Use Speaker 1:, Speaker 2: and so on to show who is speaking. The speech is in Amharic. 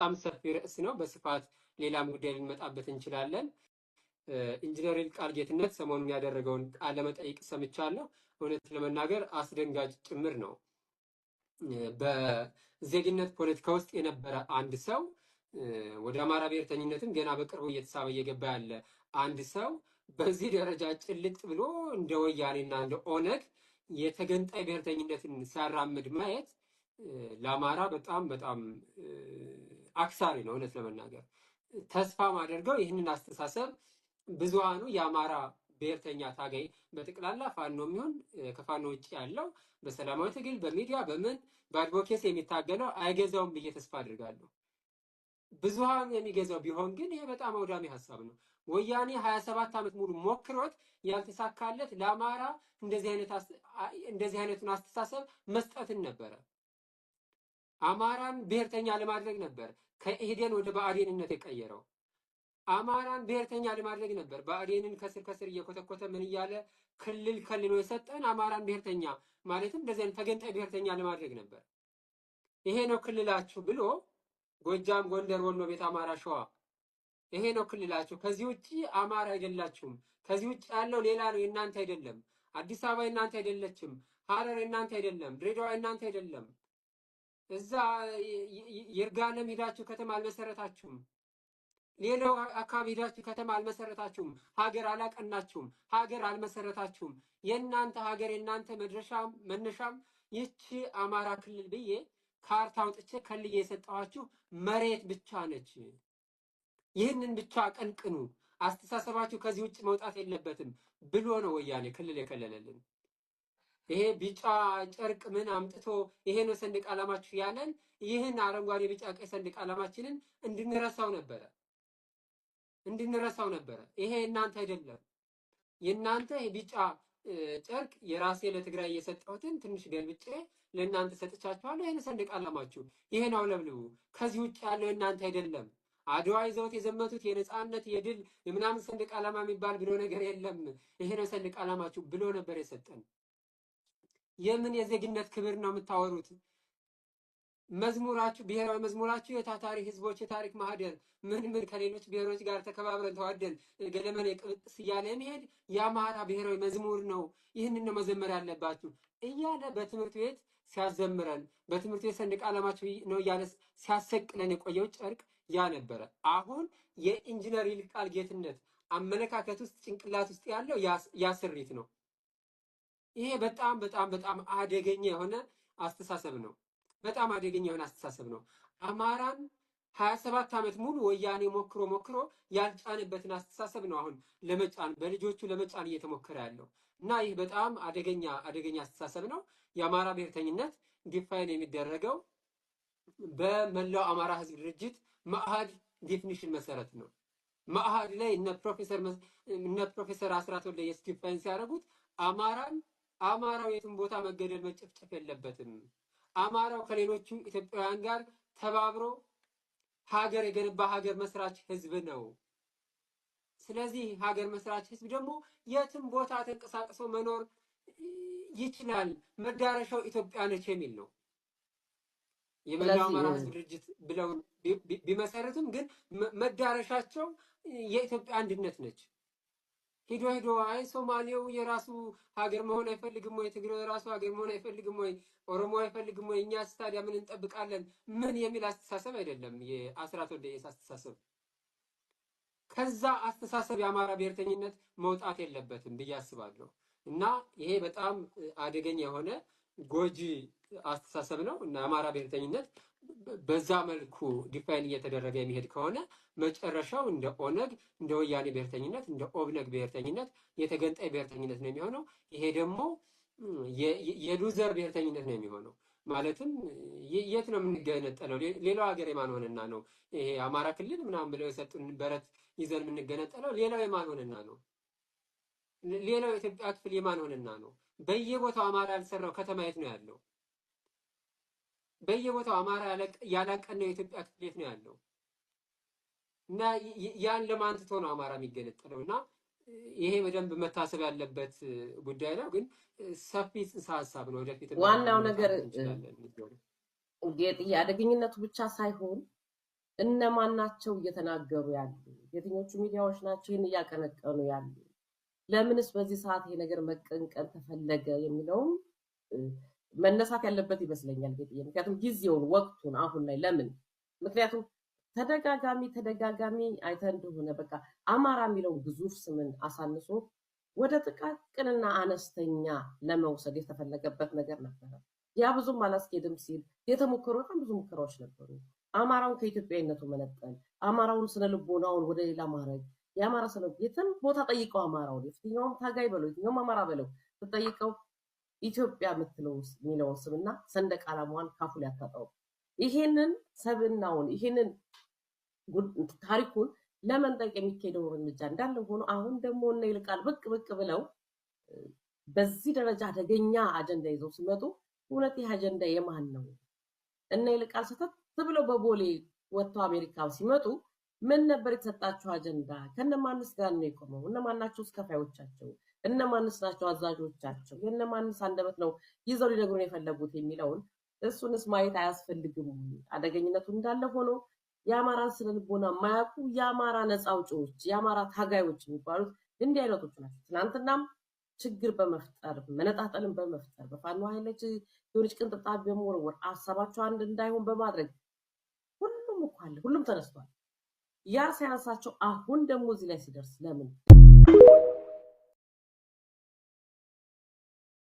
Speaker 1: በጣም ሰፊ ርዕስ ነው። በስፋት ሌላም ጉዳይ ልንመጣበት እንችላለን። ኢንጂነር ይልቃል ጌትነት ሰሞኑን ያደረገውን ቃለ መጠይቅ ሰምቻለሁ። እውነት ለመናገር አስደንጋጭ ጭምር ነው። በዜግነት ፖለቲካ ውስጥ የነበረ አንድ ሰው ወደ አማራ ብሔርተኝነትም ገና በቅርቡ እየተሳበ እየገባ ያለ አንድ ሰው በዚህ ደረጃ ጭልጥ ብሎ እንደ ወያኔና እንደ ኦነግ የተገንጣይ ብሔርተኝነትን ሲያራምድ ማየት ለአማራ በጣም በጣም አክሳሪ ነው። እውነት ለመናገር ተስፋ ማደርገው ይህንን አስተሳሰብ ብዙሃኑ የአማራ ብሔርተኛ ታጋይ በጠቅላላ ፋኖ የሚሆን ከፋኖ ውጭ ያለው በሰላማዊ ትግል በሚዲያ በምን በአድቮኬስ የሚታገለው አይገዛውም ብዬ ተስፋ አድርጋለሁ። ብዙሃኑ የሚገዛው ቢሆን ግን ይሄ በጣም አውዳሚ ሀሳብ ነው። ወያኔ ሀያ ሰባት ዓመት ሙሉ ሞክሮት ያልተሳካለት ለአማራ እንደዚህ አይነቱን አስተሳሰብ መስጠትን ነበረ። አማራን ብሔርተኛ ለማድረግ ነበር ከኢህዴን ወደ ብአዴንነት የቀየረው። አማራን ብሔርተኛ ለማድረግ ነበር ብአዴንን ከስር ከስር እየኮተኮተ ምን እያለ ክልል ከልሎ የሰጠን አማራን ብሔርተኛ ማለትም እንደዚህ ተገንጣይ ብሔርተኛ ለማድረግ ነበር። ይሄ ነው ክልላችሁ ብሎ ጎጃም፣ ጎንደር፣ ወሎ፣ ቤት አማራ፣ ሸዋ ይሄ ነው ክልላችሁ። ከዚህ ውጪ አማራ አይደላችሁም። ከዚህ ውጪ ያለው ሌላ ነው፣ የእናንተ አይደለም። አዲስ አበባ የእናንተ አይደለችም። ሐረር የእናንተ አይደለም። ድሬዳዋ የእናንተ አይደለም። እዛ ይርጋለም ሄዳችሁ ከተማ አልመሰረታችሁም። ሌላው አካባቢ ሄዳችሁ ከተማ አልመሰረታችሁም። ሀገር አላቀናችሁም። ሀገር አልመሰረታችሁም። የእናንተ ሀገር የእናንተ መድረሻም መነሻም ይቺ አማራ ክልል ብዬ ካርታ አውጥቼ ከልዬ የሰጠኋችሁ መሬት ብቻ ነች። ይህንን ብቻ ቀንቅኑ አስተሳሰባችሁ ከዚህ ውጭ መውጣት የለበትም ብሎ ነው ወያኔ ክልል የከለለልን። ይሄ ቢጫ ጨርቅ ምን አምጥቶ ይሄ ነው ሰንደቅ ዓላማችሁ ያለን ይህን አረንጓዴ ቢጫ ቀይ ሰንደቅ ዓላማችንን እንድንረሳው ነበረ እንድንረሳው ነበረ። ይሄ እናንተ አይደለም። የእናንተ ቢጫ ጨርቅ የራሴ ለትግራይ የሰጠሁትን ትንሽ ገልብጬ ለእናንተ ሰጥቻችኋለሁ። ይህን ሰንደቅ ዓላማችሁ ይሄን አውለብልቡ። ከዚህ ውጭ ያለው እናንተ አይደለም። አድዋ ይዘውት የዘመቱት የነፃነት የድል የምናምን ሰንደቅ ዓላማ የሚባል ብሎ ነገር የለም። ይሄ ነው ሰንደቅ ዓላማችሁ ብሎ ነበር የሰጠን። የምን የዜግነት ክብር ነው የምታወሩት? መዝሙራችሁ ብሔራዊ መዝሙራችሁ የታታሪ ህዝቦች የታሪክ ማህደር ምን ምን ከሌሎች ብሔሮች ጋር ተከባብረን ተዋደን ገለመን ቅብጥስ እያለ የሚሄድ የአማራ ብሔራዊ መዝሙር ነው። ይህንን ነው መዘመር ያለባችሁ እያለ በትምህርት ቤት ሲያዘምረን፣ በትምህርት ቤት ሰንደቅ ዓላማችሁ ነው እያለ ሲያሰቅለን የቆየው ጨርቅ ያ ነበረ። አሁን የኢንጂነር ይልቃል ጌትነት አመለካከት ውስጥ ጭንቅላት ውስጥ ያለው ያስሪት ነው። ይሄ በጣም በጣም በጣም አደገኛ የሆነ አስተሳሰብ ነው። በጣም አደገኛ የሆነ አስተሳሰብ ነው። አማራን ሀያ ሰባት ዓመት ሙሉ ወያኔ ሞክሮ ሞክሮ ያልጫነበትን አስተሳሰብ ነው አሁን ለመጫን በልጆቹ ለመጫን እየተሞከረ ያለው እና ይህ በጣም አደገኛ አደገኛ አስተሳሰብ ነው። የአማራ ብሔርተኝነት ዲፋይን የሚደረገው በመላው አማራ ህዝብ ድርጅት መአህድ ዴፊኒሽን መሰረት ነው። መአህድ ላይ እነ ፕሮፌሰር እነ ፕሮፌሰር አስራት ወልደየስ ዲፋይን ሲያደርጉት አማራን አማራው የትም ቦታ መገደል መጨፍጨፍ የለበትም። አማራው ከሌሎቹ ኢትዮጵያውያን ጋር ተባብሮ ሀገር የገነባ ሀገር መስራች ህዝብ ነው። ስለዚህ ሀገር መስራች ህዝብ ደግሞ የትም ቦታ ተንቀሳቅሶ መኖር ይችላል። መዳረሻው ኢትዮጵያ ነች የሚል ነው። የመላው አማራ ህዝብ ድርጅት ብለው ቢመሰርትም ግን መዳረሻቸው የኢትዮጵያ አንድነት ነች። ሂዶ ሂዶ አይ ሶማሌው የራሱ ሀገር መሆን አይፈልግም ወይ? ትግራይ የራሱ ሀገር መሆን አይፈልግም ወይ? ኦሮሞ አይፈልግም ወይ? እኛ ስታዲያ ምን እንጠብቃለን? ምን የሚል አስተሳሰብ አይደለም የአስራት ወልደየስ አስተሳሰብ። ከዛ አስተሳሰብ የአማራ ብሔርተኝነት መውጣት የለበትም ብዬ አስባለሁ። እና ይሄ በጣም አደገኛ የሆነ ጎጂ አስተሳሰብ ነው እና የአማራ ብሔርተኝነት በዛ መልኩ ዲፋይን እየተደረገ የሚሄድ ከሆነ መጨረሻው እንደ ኦነግ እንደ ወያኔ ብሔርተኝነት እንደ ኦብነግ ብሔርተኝነት የተገንጣይ ብሔርተኝነት ነው የሚሆነው። ይሄ ደግሞ የሉዘር ብሔርተኝነት ነው የሚሆነው። ማለትም የት ነው የምንገነጠለው? ሌላው ሀገር የማን ሆነና ነው? ይሄ አማራ ክልል ምናምን ብለው የሰጡን በረት ይዘን የምንገነጠለው? ሌላው የማን ሆነና ነው? ሌላው የኢትዮጵያ ክፍል የማን ሆነና ነው? በየቦታው አማራ ያልሰራው ከተማ የት ነው ያለው? በየቦታው አማራ ያላቀና የኢትዮጵያ ክፍሌት ነው ያለው እና ያን ለማንትቶ ነው አማራ የሚገነጠለው እና ይሄ በደንብ መታሰብ ያለበት ጉዳይ ነው። ግን ሰፊ ጽንሰ ሀሳብ ነው። ወደፊት
Speaker 2: ዋናው ነገር ጌጥ የአደገኝነቱ ብቻ ሳይሆን እነማን ናቸው እየተናገሩ ያሉ፣ የትኞቹ ሚዲያዎች ናቸው ይህን እያቀነቀኑ ያሉ፣ ለምንስ በዚህ ሰዓት ይሄ ነገር መቀንቀን ተፈለገ የሚለውም መነሳት ያለበት ይመስለኛል ጌጥዬ። ምክንያቱም ጊዜውን ወቅቱን አሁን ላይ ለምን ምክንያቱም ተደጋጋሚ ተደጋጋሚ አይተ እንደሆነ በቃ አማራ የሚለውን ግዙፍ ስምን አሳንሶ ወደ ጥቃቅንና አነስተኛ ለመውሰድ የተፈለገበት ነገር ነበረ። ያ ብዙም አላስኬድም ሲል የተሞከሩ በጣም ብዙ ሙከራዎች ነበሩ። አማራውን ከኢትዮጵያዊነቱ መነጠል፣ አማራውን ስነ ልቦናውን ወደ ሌላ ማድረግ የአማራ ስነ የትም ቦታ ጠይቀው አማራውን የትኛውም ታጋይ በለው የትኛውም አማራ በለው ስጠይቀው ኢትዮጵያ የምትለው የሚለውን ስምና ሰንደቅ ዓላማዋን ካፉ ሊያታጣው ይሄንን ሰብናውን ይሄንን ታሪኩን ለመንጠቅ የሚካሄደው እርምጃ እንዳለ ሆኖ አሁን ደግሞ እነ ይልቃል ብቅ ብቅ ብለው በዚህ ደረጃ አደገኛ አጀንዳ ይዘው ሲመጡ እውነት ይህ አጀንዳ የማን ነው? እነ ይልቃል ሰተት ብለው በቦሌ ወጥተው አሜሪካ ሲመጡ ምን ነበር የተሰጣቸው አጀንዳ? ከነማንስ ጋር ነው የቆመው? እነማናቸው ከፋዮቻቸው? እነማንስ ናቸው አዛዦቻቸው? የእነማንስ አንደበት ነው ይዘው ሊነግሩን የፈለጉት የሚለውን እሱንስ ማየት አያስፈልግም? አደገኝነቱ እንዳለ ሆኖ የአማራን ልቦና ማያውቁ የአማራ ነፃ አውጪዎች፣ የአማራ ታጋዮች የሚባሉት እንዲህ አይነቶች ናቸው። ትናንትናም ችግር በመፍጠር መነጣጠልን በመፍጠር በፋኖ ኃይሎች የሆነች ቅንጥብጣብ በመወርወር አሳባቸው አንድ እንዳይሆን በማድረግ ሁሉም እኮ አለ፣ ሁሉም ተነስቷል። ያ ሲያነሳቸው አሁን ደግሞ እዚህ ላይ ሲደርስ ለምን